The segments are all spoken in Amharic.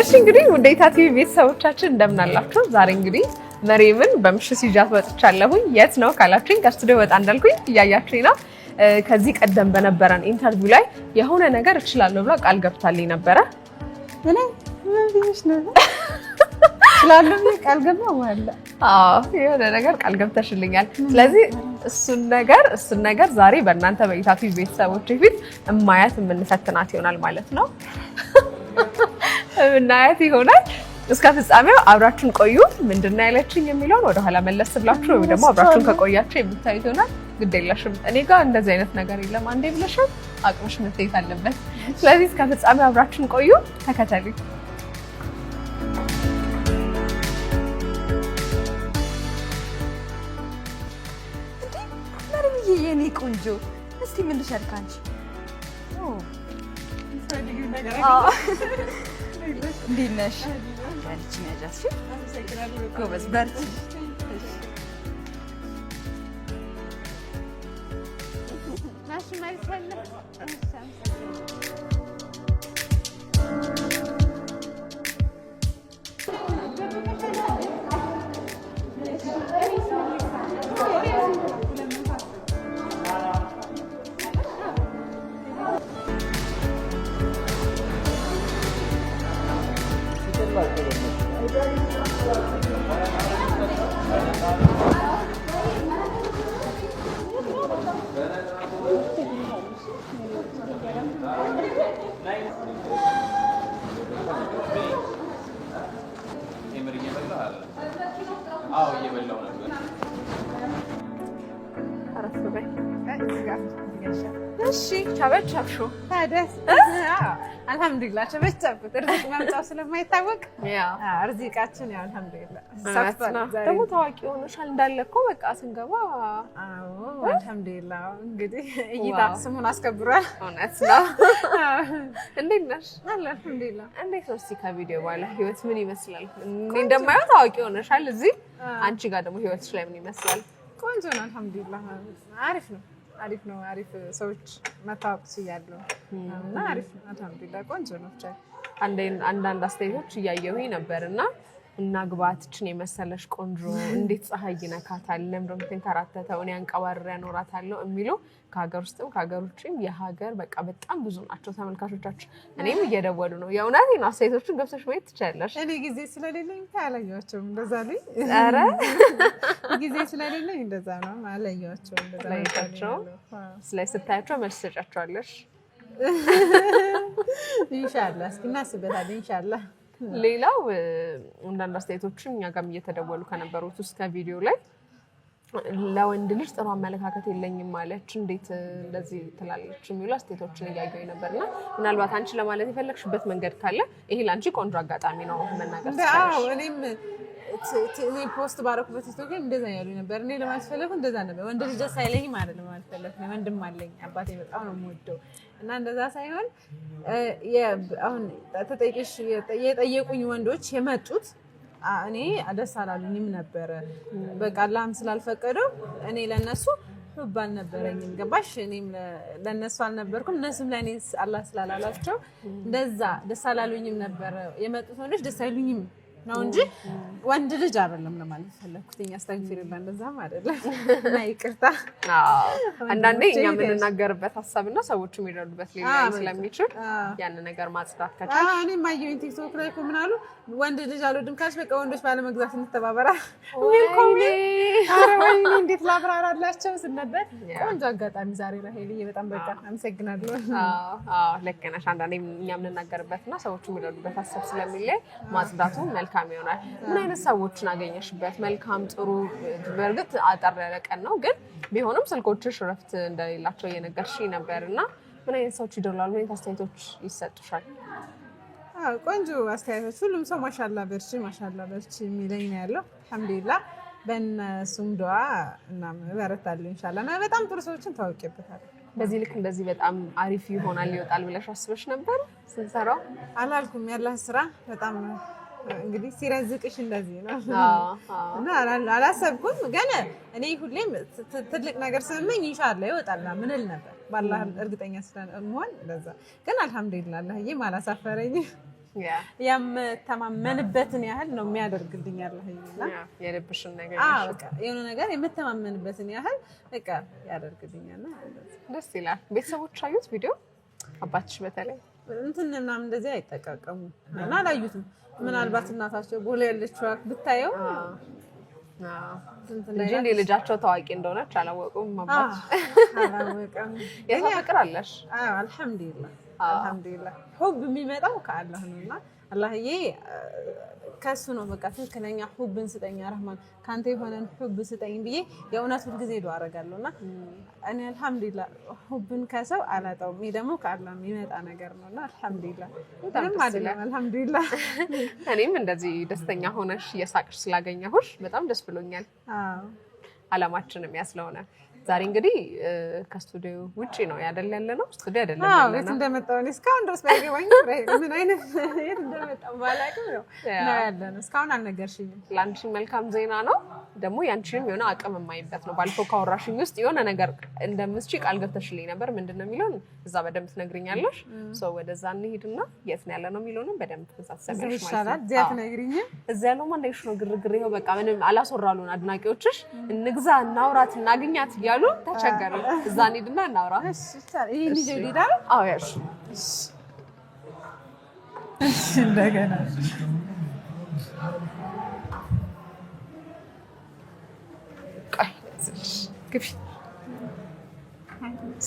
እሺ እንግዲህ ውድ ቲቪ ቤተሰቦቻችን እንደምን አላችሁ? ዛሬ እንግዲህ መሬምን በምሽት ይዣት ወጥቻለሁኝ። የት ነው ካላችሁኝ ከስቱዲዮ ወጣ እንዳልኩኝ እያያችሁኝ ነው። ከዚህ ቀደም በነበረን ኢንተርቪው ላይ የሆነ ነገር እችላለሁ ብላ ቃል ገብታልኝ ነበረ። ቃል የሆነ ነገር ቃል ገብተሽልኛል። ስለዚህ እሱን ነገር እሱን ነገር ዛሬ በእናንተ በኢታቲ ቲቪ ቤተሰቦች ፊት እማያት የምንፈትናት ይሆናል ማለት ነው። እናያት ይሆናል። እስከ ፍጻሜው አብራችሁን ቆዩ። ምንድና ያለችኝ የሚለውን ወደኋላ መለስ ብላችሁ ወይ ደግሞ አብራችሁን ከቆያችሁ የምታዩት ይሆናል። ግድ የለሽም እኔ ጋር እንደዚህ አይነት ነገር የለም አንዴ ብለሽም አቅምሽ መታየት አለበት። ስለዚህ እስከ ፍጻሜው አብራችሁን ቆዩ፣ ተከተሉ። የኔ ቆንጆ እስቲ ምን እንዴት ነሽ? ያለች ያጃሽ ጎበዝ በርቺ። ማሽመል ቴምር እየበላ አዎ እየበላው ነበር። አልሐምዱሊላህ ቸበቸብኩት። እርዚቅ መምጫው ስለማይታወቅ እርዚቃችን ያው አልሐምዱሊላህ ደግሞ ታዋቂ ሆኖሻል። እንዳለ እኮ በቃ ስንገባ አልሐምዱሊላህ እንግዲህ እይታ ስሙን አስከብሯል። እውነት ነው። እንዴት ነሽ? አልሐምዱሊላህ። እንዴት ነው እስኪ ከቪዲዮ በኋላ ህይወት ምን ይመስላል? እንደማየው ታዋቂ ሆነሻል እዚህ። አንቺ ጋር ደግሞ ህይወትሽ ላይ ምን ይመስላል? ቆንጆ ነው። አልሐምዱሊላህ አሪፍ ነው። አሪፍ ነው። አሪፍ ሰዎች መታወቅ ስያለው እና አሪፍ ነው። አልሐምዱሊላህ ቆንጆ ነው። አንዳንድ አስተያየቶች እያየሁኝ ነበር እና እናግባት ችን የመሰለሽ ቆንጆ እንዴት ፀሐይ ይነካታል ለምዶ የምትንከራተተው እኔ አንቀባርሬ ያኖራታለሁ የሚሉ ከሀገር ውስጥም ከሀገር ውጭም የሀገር በቃ በጣም ብዙ ናቸው ተመልካቾቻችን። እኔም እየደወሉ ነው። የእውነት ነው። አስተያየቶችን ገብተሽ ማየት ትችያለሽ። እኔ ጊዜ ስለሌለኝ አላየኋቸውም። እንደዛ ነኝ። ኧረ ጊዜ ስለሌለኝ እንደዛ ነው አላየኋቸውም። ለይቸው ስለ ስታያቸው መልስ ትሰጫቸዋለሽ። ኢንሻላህ እስኪ እናስበታለን። ኢንሻላህ ሌላው አንዳንድ አስተያየቶችም እኛ ጋም እየተደወሉ ከነበሩት ውስጥ ከቪዲዮ ላይ ለወንድ ልጅ ጥሩ አመለካከት የለኝም ማለች እንዴት እንደዚህ ትላለች የሚሉ አስተያየቶችን እያየሁ ነበር። እና ምናልባት አንቺ ለማለት የፈለግሽበት መንገድ ካለ ይሄ ለአንቺ ቆንጆ አጋጣሚ ነው መናገር። እኔም ፖስት ባረኩበት ስቶክ እንደዛ ያሉ ነበር። እኔ ለማስፈለጉ እንደዛ ነበር። ወንድ ልጅ ደስ አይለኝም አይደለም ማለት ወንድም አለኝ አባቴ በጣም ነው የምወደው እና እንደዛ ሳይሆን አሁን ተጠቂሽ የጠየቁኝ ወንዶች የመጡት እኔ ደስ አላሉኝም ነበረ። በቃ አላህም ስላልፈቀደው እኔ ለነሱ ህብ አልነበረኝም። ገባሽ? እኔም ለነሱ አልነበርኩም፣ እነሱም ለእኔ አላህ ስላላላቸው እንደዛ ደስ አላሉኝም ነበረ። የመጡት ወንዶች ደስ አይሉኝም ነው እንጂ ወንድ ልጅ አይደለም ለማለት ፈለኩት። አስተግፊሩላ እንደዛም አይደለም እና ይቅርታ። አንዳንዴ እኛ የምንናገርበት እና ሰዎቹ የሚረዱበት ሌላ ስለሚችል ያን ነገር ማጽዳት ከቻል እኔ ማየው ቲክቶክ ላይ እኮ ምን አሉ ወንድ ልጅ አልወድም ካልሽ በቃ ወንዶች ባለመግዛት እንተባበራ እንዴት ላብራራላቸው ስነበር ቆንጆ አጋጣሚ ዛሬ ራሄልዬ በጣም በቃ አመሰግናለሁ። ልክ ነሽ። አንዳንዴ እኛ እና ሰዎቹ የሚረዱበት ሀሳብ ስለሚለይ ማጽዳቱ መልካም ይሆናል። አይነት ሰዎችን አገኘሽበት? መልካም ጥሩ። በእርግጥ አጠር ያለ ቀን ነው፣ ግን ቢሆንም ስልኮችሽ እረፍት እንደሌላቸው እየነገርሽ ነበር እና ምን አይነት ሰዎች ይደውላሉ? ምን አይነት አስተያየቶች ይሰጡሻል? ቆንጆ አስተያየቶች። ሁሉም ሰው ማሻላ በርቺ፣ ማሻላ በርቺ የሚለኝ ነው ያለው። አልሐምዱሊላ በእነሱም ድዋ እና እበረታለሁ ኢንሻላህ። እና በጣም ጥሩ ሰዎችን ታውቂበታለሁ። በዚህ ልክ እንደዚህ በጣም አሪፍ ይሆናል ይወጣል ብለሽ አስበሽ ነበር ስንሰራው? አላልኩም። ያለ ስራ በጣም እንግዲህ ሲረዝቅሽ እንደዚህ ነው እና አላሰብኩም። ግን እኔ ሁሌም ትልቅ ነገር ስምመኝ ኢንሻአላ ይወጣልና ምንል ነበር ባላህ እርግጠኛ ስለመሆን ለዛ ግን አልሐምዱሊላህ አላህዬ አላሳፈረኝ። የምተማመንበትን ያህል ነው የሚያደርግልኝ አላህዬ የልብሽን ነገር የሆነ ነገር የምተማመንበትን ያህል በቃ ያደርግልኛል። ደስ ይላል። ቤተሰቦች አዩት ቪዲዮ አባትሽ በተለይ እንትን ምናምን እንደዚህ አይጠቃቀሙም እና አላዩትም ምናልባት እናታቸው ቦሌ ያለችው ብታየው እንጂ እንደ ልጃቸው ታዋቂ እንደሆነች አላወቁም። አባት የሰው ፍቅር አለሽ። አልሐምዱሊላህ አልሐምዱሊላህ ሁብ የሚመጣው ከአላህ ነውና አላህዬ ከሱ ነው በቃ ትክክለኛ ሁብን ስጠኝ አረህማን ከአንተ የሆነን ሁብ ስጠኝ ብዬ የእውነት ሁልጊዜ ዱዓ አደርጋለሁ እና እኔ አልሐምዱሊላ ሁብን ከሰው አላጣውም። ይህ ደግሞ ከአላ የሚመጣ ነገር ነው እና አልሐምዱሊላ ምንም አይደለም። አልሐምዱሊላ እኔም እንደዚህ ደስተኛ ሆነሽ የሳቅሽ ስላገኘሁሽ በጣም ደስ ብሎኛል። አላማችንም ያስለሆነ ዛሬ እንግዲህ ከስቱዲዮ ውጭ ነው ያደል ያለ ነው። ስቱዲዮ አይደለም ያለ ነው። እንደመጣሁ እኔ እስካሁን ድረስ ባይገባኝ ምን አይነት የት እንደመጣሁ ባላውቅም ነው ያለ ነው። እስካሁን አልነገርሽኝም። ለአንቺን መልካም ዜና ነው ደግሞ ያንቺንም የሆነ አቅም የማይበት ነው። ባለፈው ካወራሽኝ ውስጥ የሆነ ነገር እንደምስች ቃል ገብተሽልኝ ነበር። ምንድን ነው የሚለውን እዛ በደንብ ትነግርኛለሽ ወደዛ እንሄድና የት ነው ያለ ነው የሚለውን በደንብ እዛ እዚያ ያለውማ እንዳይሽ ነው ግርግር። ይኸው በቃ ምንም አላስወራሉን አድናቂዎችሽ። እንግዛ፣ እናውራት፣ እናግኛት እያሉ እያሉ ተቸገረ። እዛ እንሂድና እናውራ። እንደገና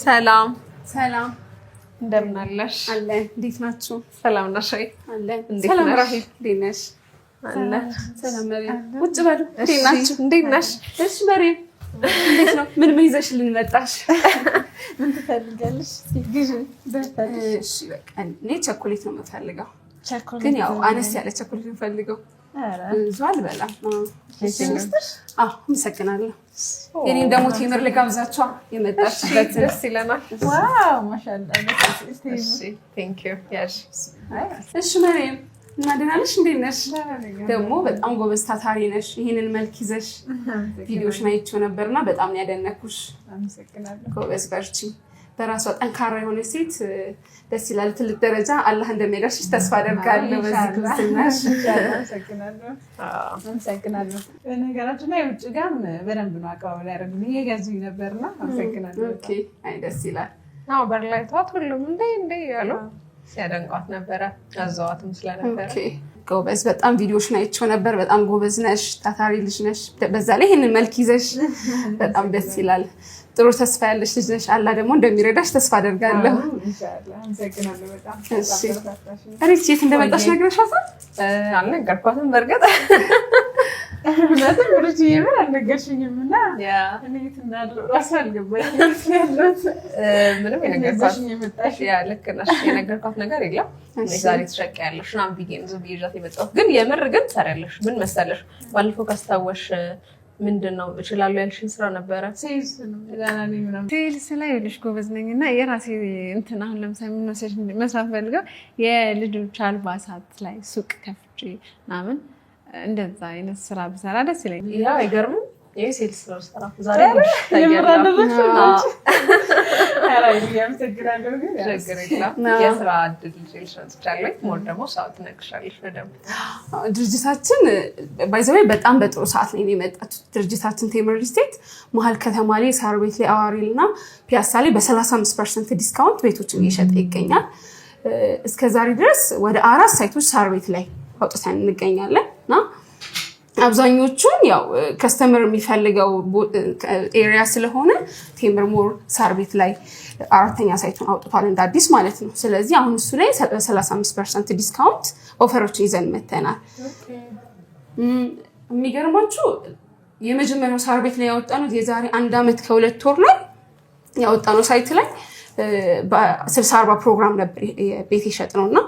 ሰላም ሰላም፣ እንደምን አለሽ? አለ እንዴት ናችሁ? ሰላም ነሽ? አለ ሰላም ራሂል፣ እንዴት ነሽ? አለ ሰላም መሪ፣ ውጭ በሉ። እንዴት ናችሁ? እንዴት ነሽ? እሺ መሪ ምን ምን ይዘሽልን መጣሽ? ምን ትፈልጋለሽ? እኔ ቸኮሌት ነው የምፈልገው፣ ግን ያው አነስ ያለ ቸኮሌት ነው የምፈልገው። ብዙ አልበላም። አመሰግናለሁ። የኔን ደግሞ ቴምር ልጋብዛቸዋ የመጣሽበት ደስ ይለናል። እሺ መሬም እና ደህና ነሽ? እንዴት ነሽ? ደግሞ በጣም ጎበዝ ታታሪ ነሽ። ይህንን መልክ ይዘሽ ቪዲዮሽን አይቼው ነበርና በጣም ያደነኩሽ። ጎበዝ በርቺ። በራሷ ጠንካራ የሆነች ሴት ደስ ይላል። ትልቅ ደረጃ አላህ እንደሚያደርስሽ ተስፋ አደርጋለሁ። በዚህ ግብስናሽ አመሰግናለሁ። በነገራችን ላይ ውጭ ጋም በደንብ ነው አቀባበል ያደረግን ይሄ ገዙኝ ነበርና አመሰግናለሁ። ደስ ይላል። በርላይቷት ሁሉም እንደ እንደ ያለው ሲያደንቋት ነበረ። አዘዋትም ስለነበረ ጎበዝ፣ በጣም ቪዲዮሽን አይቼው ነበር። በጣም ጎበዝ ነሽ፣ ታታሪ ልጅ ነሽ። በዛ ላይ ይህንን መልክ ይዘሽ በጣም ደስ ይላል። ጥሩ ተስፋ ያለሽ ልጅ ነሽ። አላ ደግሞ እንደሚረዳሽ ተስፋ አደርጋለሁ። ሪች የት እንደመጣሽ ነግረሻታል? አልነገርኳትም በእርግጥ የነገርኳት ነገር የለም። ዛሬ ትሸቂያለሽ ምናምን የመጣሁት። ግን የምር ግን ትሰሪያለሽ። ምን መሰለሽ ባለፈው ካስታወሽ ምንድን ነው እችላለሁ ያልሽኝ ስራ ነበረ። ሴልስ ላይ ጎበዝ ነኝ እና የራሴ እንትን አሁን ለምሳሌ መስራት ፈልገው የልጆች አልባሳት ላይ ሱቅ ከፍቼ ምናምን እንደዛ አይነት ስራ ብሰራ ደስ ይለኛል። ያ አይገርምም። የሴል ስራ ስራ ዛሬ የስራ ደግሞ ሰዓት እነግርሻለሁ ድርጅታችን ባይዘባይ በጣም በጥሩ ሰዓት ላይ ነው የመጣችው። ድርጅታችን ቴምር ስቴት መሀል ከተማ ላይ ሳር ቤት ላይ አዋሪል እና ፒያሳ ላይ በሰላሳ አምስት ፐርሰንት ዲስካውንት ቤቶችን እየሸጠ ይገኛል። እስከዛሬ ድረስ ወደ አራት ሳይቶች ሳር ቤት ላይ አውጥተን እንገኛለን እና አብዛኞቹን ያው ከስተምር የሚፈልገው ኤሪያ ስለሆነ ቴምር ሞር ሳር ቤት ላይ አራተኛ ሳይቱን አውጥቷል እንደ አዲስ ማለት ነው። ስለዚህ አሁን እሱ ላይ 35 ፐርሰንት ዲስካውንት ኦፈሮችን ይዘን መተናል። የሚገርማችሁ የመጀመሪያው ሳር ቤት ላይ ያወጣነው የዛሬ አንድ ዓመት ከሁለት ወር ላይ ያወጣነው ሳይት ላይ ስልሳ አርባ ፕሮግራም ነበር ቤት የሸጥ ነው እና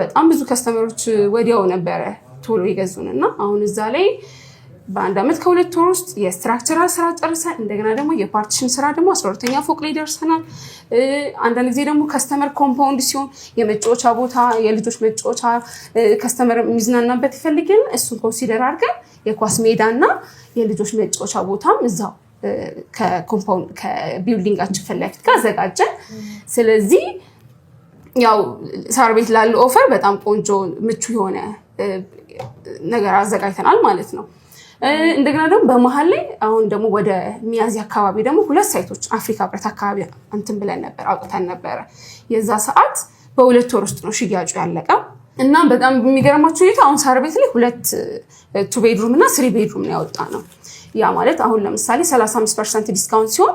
በጣም ብዙ ከስተመሮች ወዲያው ነበረ ቶሎ ይገዙን እና አሁን እዛ ላይ በአንድ ዓመት ከሁለት ወር ውስጥ የስትራክቸራል ስራ ጨርሰን እንደገና ደግሞ የፓርቲሽን ስራ ደግሞ አስራ ሁለተኛ ፎቅ ላይ ደርሰናል። አንዳንድ ጊዜ ደግሞ ከስተመር ኮምፓውንድ ሲሆን የመጫወቻ ቦታ፣ የልጆች መጫወቻ ከስተመር የሚዝናናበት ይፈልግል። እሱን ኮንሲደር አድርገን የኳስ ሜዳና የልጆች መጫወቻ ቦታም እዛው ከቢልዲንጋችን ፊት ለፊት ጋር አዘጋጀን። ስለዚህ ያው ሳር ቤት ላሉ ኦፈር በጣም ቆንጆ ምቹ የሆነ ነገር አዘጋጅተናል ማለት ነው። እንደገና ደግሞ በመሀል ላይ አሁን ደግሞ ወደ ሚያዚ አካባቢ ደግሞ ሁለት ሳይቶች አፍሪካ ህብረት አካባቢ እንትን ብለን ነበር አውጥተን ነበረ። የዛ ሰዓት በሁለት ወር ውስጥ ነው ሽያጩ ያለቀ እና በጣም የሚገርማቸው ሁኔታ አሁን ሳር ቤት ላይ ሁለት ቱ ቤድሩም እና ስሪ ቤድሩም ነው ያወጣ ነው። ያ ማለት አሁን ለምሳሌ 35 ፐርሰንት ዲስካውንት ሲሆን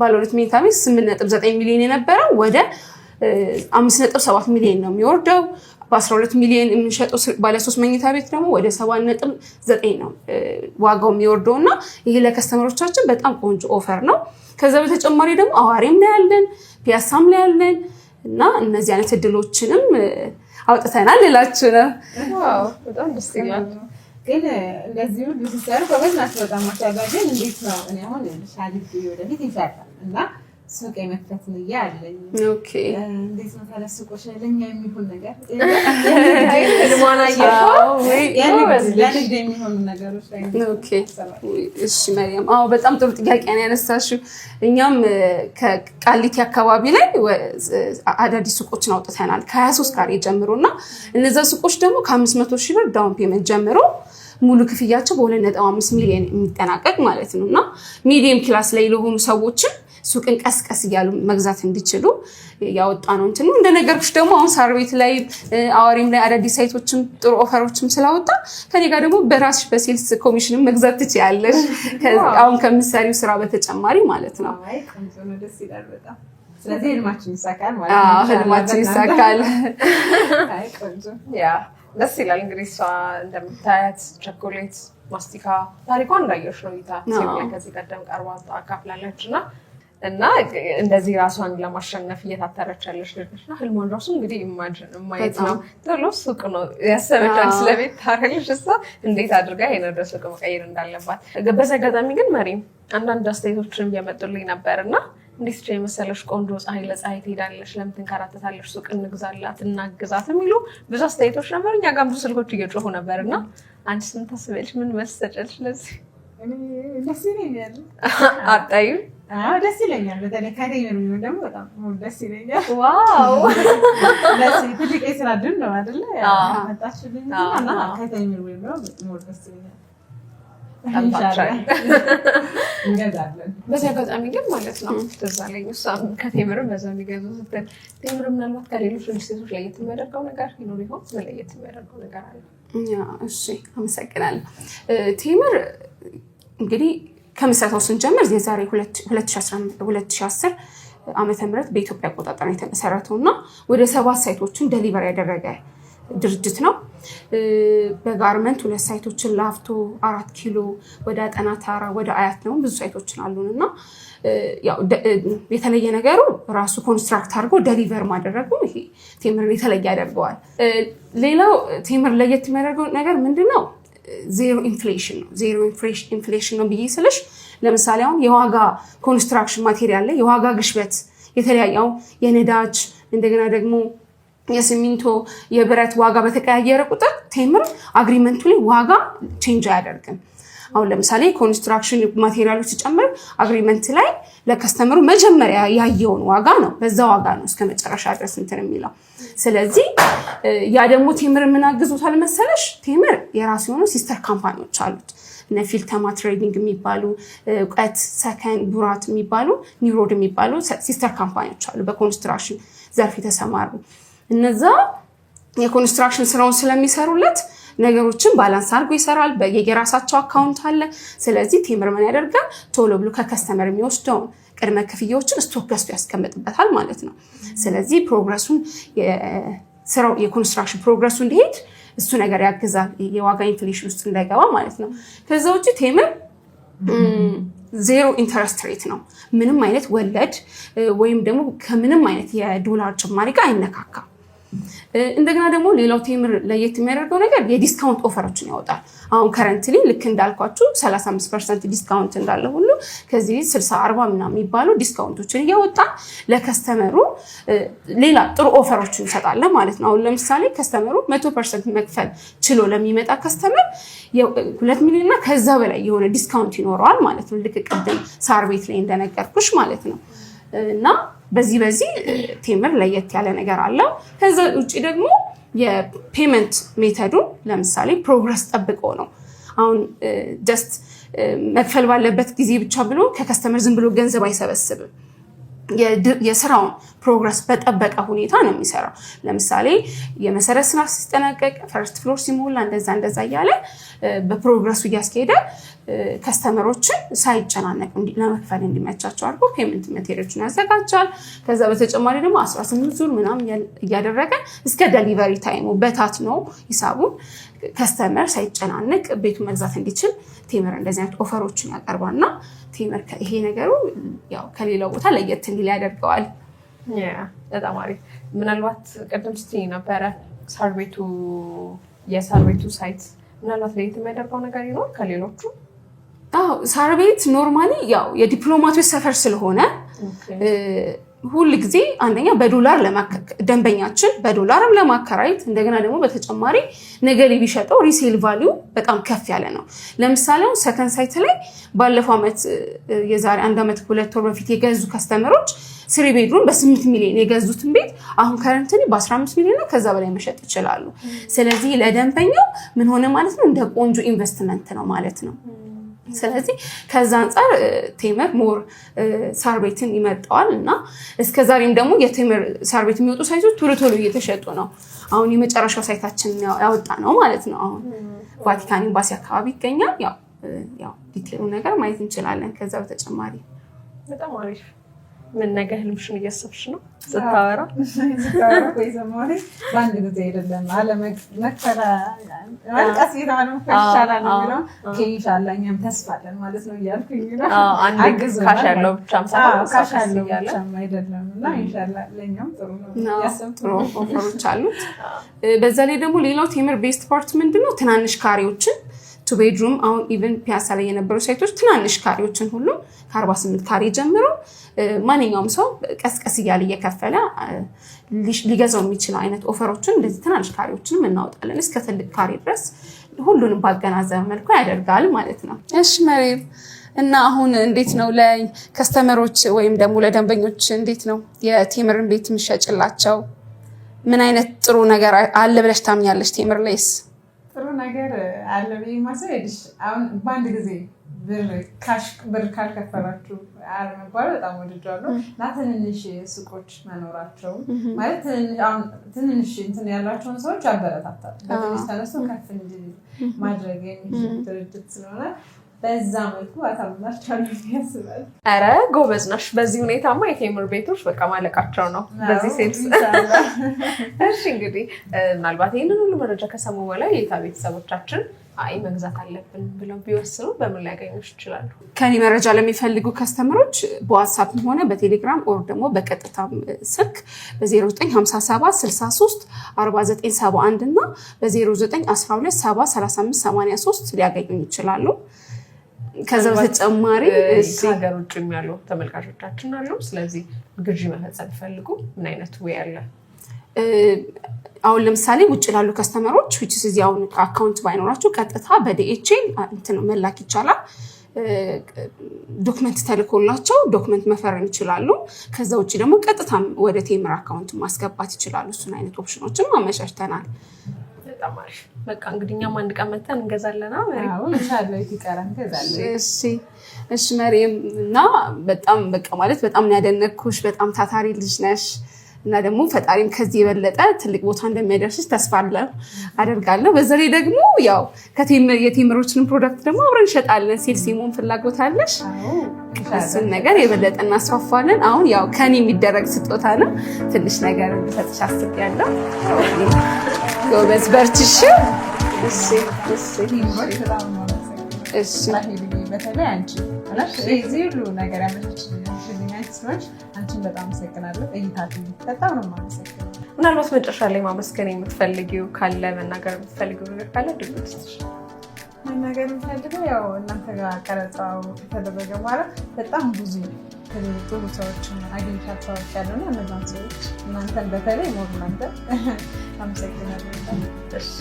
ባለሁለት መኝታ ቤት 8.9 ሚሊዮን የነበረው ወደ አምስት ነጥብ ሰባት ሚሊዮን ነው የሚወርደው። በአስራ ሁለት ሚሊዮን የምንሸጠው ባለሶስት መኝታ ቤት ደግሞ ወደ ሰባት ነጥብ ዘጠኝ ነው ዋጋው የሚወርደው እና ይሄ ለከስተመሮቻችን በጣም ቆንጆ ኦፈር ነው። ከዛ በተጨማሪ ደግሞ አዋሬም ላይ ያለን፣ ፒያሳም ላይ ያለን እና እነዚህ አይነት እድሎችንም አውጥተናል ልላችሁ ነው። በጣም ደስ ይላል። ግን እንደዚሁ ሰሩ በበዝናት በጣም ማሻጋገን እንዴት ነው? እኔ አሁን ሻሊ ወደፊት ይሰራል እና ሱቅ የመክፈት ንያ አለኝ። እንዴት ነው ታዲያ ሱቆች ላይ የሚሆን ነገር ለንግድ የሚሆኑ ነገሮች እሺ መሪያም፣ አዎ በጣም ጥሩ ጥያቄ ነው ያነሳሽው። እኛም ከቃሊቲ አካባቢ ላይ አዳዲስ ሱቆችን አውጥተናል ከሀያ ሶስት ካሬ ጀምሮ እና እነዛ ሱቆች ደግሞ ከአምስት መቶ ሺህ ብር ዳውን ፔመንት ጀምሮ ሙሉ ክፍያቸው በ 25 ሚሊዮን የሚጠናቀቅ ማለት ነው እና ሚዲየም ክላስ ላይ ለሆኑ ሰዎችም ሱቅን ቀስቀስ እያሉ መግዛት እንዲችሉ ያወጣ ነው እንትኑ። እንደነገርኩሽ ደግሞ አሁን ሳር ቤት ላይ አዋሪም ላይ አዳዲስ ሳይቶችም ጥሩ ኦፈሮችም ስላወጣ ከኔ ጋር ደግሞ በራስሽ በሴልስ ኮሚሽንም መግዛት ትችያለሽ። አሁን ከምትሰሪው ስራ በተጨማሪ ማለት ነው። ስለዚህ ህልማችን ይሳካል ማለት ነው። ህልማችን ይሳካል። ደስ ይላል። እንግዲህ እሷ እንደምታያት ቸኮሌት ማስቲካ ታሪኳን እንዳየሽ ነው ይታ ከዚህ ቀደም ቀርባ አካፍላለች እና እና እንደዚህ ራሷን ለማሸነፍ እየታተረች ያለች ልጅ ና ህልሟን ራሱ እንግዲህ ኢማጅን ማየት ነው። ቶሎ ሱቅ ነው ያሰበቻል ስለቤት ታረልሽ እሷ እንዴት አድርጋ ይሄን ወደ ሱቅ መቀየር እንዳለባት። በዚ አጋጣሚ ግን መሪ አንዳንድ አስተያየቶችን እየመጡልኝ ነበር እና እንዴት ቻ የመሰለሽ ቆንጆ ፀሐይ ለፀሐይ ትሄዳለች፣ ለምን ትንከራተታለች? ሱቅ እንግዛላት እናግዛት የሚሉ ብዙ አስተያየቶች ነበር። እኛ ጋር ብዙ ስልኮች እየጮሁ ነበር እና አንቺስ ምን ታስቢያለሽ? ምን መልስ ትሰጫለሽ አጣዩ ደስ ይለኛል። በተለይ ካይተኛ ደግሞ በጣም ደስ ይለኛል። ዋው ትልቅ የስራ ድል ነው አይደለ? ካይተኛ ደግሞ ደስ ይለኛል። በዚህ አጋጣሚ ግን ማለት ነው ትዝ እሷም ከቴምርም በዛ የሚገዙ ስትል ቴምር ምናልባት ከሌሎች ነገር ይኖር ይሆን? የሚያደርገው ነገር አለ? እሺ አመሰግናለሁ። ቴምር እንግዲህ ከምስረታው ስንጀምር የዛሬ 2010 ዓመተ ምህረት በኢትዮጵያ አቆጣጠር የተመሰረተው እና ወደ ሰባት ሳይቶችን ደሊቨር ያደረገ ድርጅት ነው። በጋርመንት ሁለት ሳይቶችን ላፍቶ፣ አራት ኪሎ፣ ወደ አጠና ወደ አያት ነው ብዙ ሳይቶችን አሉን እና የተለየ ነገሩ ራሱ ኮንስትራክት አድርጎ ደሊቨር ማደረጉ ይሄ ቴምርን የተለየ ያደርገዋል። ሌላው ቴምር ለየት የሚያደርገው ነገር ምንድን ነው? ዜሮ ኢንፍሌሽን ነው። ዜሮ ኢንፍሌሽን ነው ብዬ ስልሽ ለምሳሌ አሁን የዋጋ ኮንስትራክሽን ማቴሪያል ላይ የዋጋ ግሽበት የተለያየው የነዳጅ እንደገና ደግሞ የሲሚንቶ የብረት ዋጋ በተቀያየረ ቁጥር ቴምር አግሪመንቱ ላይ ዋጋ ቼንጅ አያደርግም። አሁን ለምሳሌ ኮንስትራክሽን ማቴሪያሎች ሲጨምር አግሪመንት ላይ ለከስተመሩ መጀመሪያ ያየውን ዋጋ ነው፣ በዛ ዋጋ ነው እስከ መጨረሻ ድረስ እንትን የሚለው። ስለዚህ ያ ደግሞ ቴምር የምናግዙታል መሰለሽ። ቴምር የራሱ የሆኑ ሲስተር ካምፓኒዎች አሉት። እነ ፊልተማ ትሬዲንግ የሚባሉ እውቀት ሰከን ቡራት የሚባሉ ኒውሮድ የሚባሉ ሲስተር ካምፓኒዎች አሉ በኮንስትራክሽን ዘርፍ የተሰማሩ እነዛ የኮንስትራክሽን ስራውን ስለሚሰሩለት ነገሮችን ባላንስ አድርጎ ይሰራል። የየራሳቸው አካውንት አለ። ስለዚህ ቴምር ምን ያደርጋል? ቶሎ ብሎ ከከስተመር የሚወስደውን ቅድመ ክፍያዎችን ስቶክ ገዝቶ ያስቀምጥበታል ማለት ነው። ስለዚህ ፕሮግረሱን ስራው የኮንስትራክሽን ፕሮግረሱ እንዲሄድ እሱ ነገር ያግዛል፣ የዋጋ ኢንፍሌሽን ውስጥ እንዳይገባ ማለት ነው። ከዛ ውጭ ቴምር ዜሮ ኢንተረስት ሬት ነው። ምንም አይነት ወለድ ወይም ደግሞ ከምንም አይነት የዶላር ጭማሪ ጋር አይነካካም። እንደገና ደግሞ ሌላው ቴምር ለየት የሚያደርገው ነገር የዲስካውንት ኦፈሮችን ያወጣል። አሁን ከረንትሊ ልክ እንዳልኳችሁ 35 ፐርሰንት ዲስካውንት እንዳለ ሁሉ ከዚህ 60 40 ምናምን የሚባሉ ዲስካውንቶችን እያወጣ ለከስተመሩ ሌላ ጥሩ ኦፈሮችን እንሰጣለን ማለት ነው። አሁን ለምሳሌ ከስተመሩ 100 ፐርሰንት መክፈል ችሎ ለሚመጣ ከስተመር ሁለት ሚሊዮን እና ከዛ በላይ የሆነ ዲስካውንት ይኖረዋል ማለት ነው። ልክ ቅድም ሳር ቤት ላይ እንደነገርኩሽ ማለት ነው እና በዚህ በዚህ ቴምር ለየት ያለ ነገር አለው። ከዛ ውጭ ደግሞ የፔመንት ሜተዱን ለምሳሌ ፕሮግረስ ጠብቆ ነው አሁን ደስት መክፈል ባለበት ጊዜ ብቻ ብሎ ከከስተመር ዝም ብሎ ገንዘብ አይሰበስብም። የስራውን ፕሮግረስ በጠበቀ ሁኔታ ነው የሚሰራው። ለምሳሌ የመሰረት ስራ ሲጠናቀቅ ፈርስት ፍሎር ሲሞላ እንደዛ እንደዛ እያለ በፕሮግረሱ እያስኬደ ከስተመሮችን ሳይጨናነቅ ለመክፈል እንዲመቻቸው አድርጎ ፔመንት ሜቴሪያሎችን ያዘጋጃል። ከዛ በተጨማሪ ደግሞ 18 ዙር ምናምን እያደረገ እስከ ደሊቨሪ ታይሙ በታት ነው ሂሳቡን ከስተመር ሳይጨናነቅ ቤቱ መግዛት እንዲችል ቴምር እንደዚህ አይነት ኦፈሮችን ያቀርባልና ይሄ ነገሩ ያው ከሌላው ቦታ ለየት እንዲል ያደርገዋል። በጣም አሪፍ። ምናልባት ቅድም ስትይ ነበረ ሳር ቤቱ የሳር ቤቱ ሳይት ምናልባት ለየት የሚያደርገው ነገር ይኖር ከሌሎቹ? አዎ ሳር ቤት ኖርማሊ ያው የዲፕሎማቶች ሰፈር ስለሆነ ሁል ጊዜ አንደኛ በዶላር ደንበኛችን በዶላርም ለማከራየት እንደገና ደግሞ በተጨማሪ ነገር ቢሸጠው ሪሴል ቫሊዩ በጣም ከፍ ያለ ነው። ለምሳሌ ሰከንድ ሳይት ላይ ባለፈው ዓመት የዛሬ አንድ ዓመት ሁለት ወር በፊት የገዙ ከስተመሮች ስሪ ቤድሩም በ8 ሚሊዮን የገዙትን ቤት አሁን ከረንትኒ በ15 ሚሊዮን ከዛ በላይ መሸጥ ይችላሉ። ስለዚህ ለደንበኛው ምን ሆነ ማለት ነው እንደ ቆንጆ ኢንቨስትመንት ነው ማለት ነው። ስለዚህ ከዛ አንጻር ቴምር ሞር ሳር ቤትን እና እና እስከዛሬም ደግሞ የቴምር ሳር ቤት የሚወጡ ሳይቶች ቶሎ ቶሎ እየተሸጡ ነው። አሁን የመጨረሻው ሳይታችን ያወጣ ነው ማለት ነው። አሁን ቫቲካን ኤምባሲ አካባቢ ይገኛል። ያው ዲቴሉ ነገር ማየት እንችላለን። ከዛ በተጨማሪ በጣም አሪፍ ምን ነገ ህልምሽን እያሰብሽ ነው? ስታወራ በአንድ ጊዜ አይደለም። አለመቀራቀሴታነውሻላ እኛም ተስፋ ማለት ነው እያልኩኝ ነው። አንድ ካሽ ያለው ብቻም አይደለም እና ኢንሻላ ለእኛም ጥሩ ነው አሉት። በዛ ላይ ደግሞ ሌላው ቴምር ቤስት ፓርት ምንድን ነው ትናንሽ ካሬዎችን ቱ ቤድሩም አሁን ኢቨን ፒያሳ ላይ የነበሩ ሳይቶች ትናንሽ ካሬዎችን ሁሉ ከ48 ካሬ ጀምሮ ማንኛውም ሰው ቀስቀስ እያለ እየከፈለ ሊገዛው የሚችለው አይነት ኦፈሮችን እንደዚህ ትናንሽ ካሬዎችንም እናወጣለን እስከ ትልቅ ካሬ ድረስ ሁሉንም ባገናዘበ መልኩ ያደርጋል ማለት ነው። እሺ መሬብ እና አሁን እንዴት ነው ለከስተመሮች ወይም ደግሞ ለደንበኞች እንዴት ነው የቴምርን ቤት የምሸጭላቸው? ምን አይነት ጥሩ ነገር አለ ብለሽ ታምኛለሽ ቴምር ላይስ? ጥሩ ነገር አለ ብዬ ማሰብ አሁን በአንድ ጊዜ ብር ካሽ ብር ካልከፈላችሁ አለመባል በጣም ወድጃለሁ እና ትንንሽ ሱቆች መኖራቸው ማለት ትንንሽ እንትን ያላቸውን ሰዎች ያበረታታል። በትንሽ ተነስቶ ከፍ እንዲል ማድረግ የሚችል ድርጅት ስለሆነ በዛ መልኩ አሳምናቸዋለሁ ያስባል። ኧረ ጎበዝ ነሽ። በዚህ ሁኔታማ የቴምር ቤቶች በቃ ማለቃቸው ነው በዚህ ሴልስ። እሺ እንግዲህ ምናልባት ይህንን ሁሉ መረጃ ከሰሙ በላይ የታ ቤተሰቦቻችን አይ መግዛት አለብን ብለው ቢወስኑ በምን ሊያገኙሽ ይችላሉ? ከኔ መረጃ ለሚፈልጉ ከስተምሮች በዋትሳፕም ሆነ በቴሌግራም ኦር ደግሞ በቀጥታ ስልክ በ0957 63 እና በ0912 73583 ይችላሉ። ከዛ በተጨማሪ ሀገር ውጭ ያሉ ተመልካቾቻችን አሉ። ስለዚህ ግዢ መፈጸም ፈልጉ ምን አይነት ወይ አለ? አሁን ለምሳሌ ውጭ ላሉ ከስተመሮች ዊች እዚህ አሁን አካውንት ባይኖራቸው ቀጥታ በዲኤችኤል መላክ ይቻላል። ዶክመንት ተልኮላቸው ዶክመንት መፈረም ይችላሉ። ከዛ ውጭ ደግሞ ቀጥታ ወደ ቴምር አካውንት ማስገባት ይችላሉ። እሱን አይነት ኦፕሽኖችም አመቻችተናል። በጣም አሪፍ። በቃ እንግዲህ እኛም አንድ ቀን መተን እንገዛለን እሺ መሪም እና በጣም በቃ ማለት በጣም ያደነኩሽ በጣም ታታሪ ልጅ ነሽ እና ደግሞ ፈጣሪም ከዚህ የበለጠ ትልቅ ቦታ እንደሚያደርስሽ ተስፋ አደርጋለሁ። በዛ ደግሞ ያው የቴምሮችንም ፕሮዳክት ደግሞ አብረን እንሸጣለን። ሴልስ የመሆን ፍላጎት አለሽ። እሱን ነገር የበለጠ እናስፋፋለን። አሁን ያው ከኔ የሚደረግ ስጦታ ነው። ትንሽ ነገር ሰጥሽ አስቤያለሁ። ጎበዝ በርትሽ። እሺ እሺ በጣም አመሰግናለሁ። ምናልባት መጨረሻ ላይ ማመስገን የምትፈልጊው ካለ መናገር የምትፈልጊው ነገር ካለ ድርጅት መናገር የምትፈልገው ያው እናንተ ጋር ቀረጻው ከተደረገ በኋላ በጣም ብዙ ጥሩ ሰዎችን አግኝቻቸዋለሁ ያለና እነዛን ሰዎች እናንተን በተለይ ሞር እናንተን አመሰግናለሁ። እሺ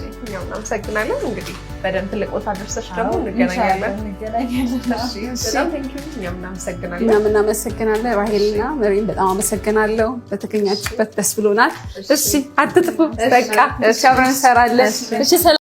እንግዲህ በደንብ ትልቅ ቦታ ደርሰች ደግሞ እንገናኛለን እናመሰግናለን። እኛም እናመሰግናለን። ራሄልና በጣም አመሰግናለሁ። በተገኛችበት ደስ ብሎናል። እሺ አትጥፉ። በቃ እሺ አብረን እንሰራለን። እሺ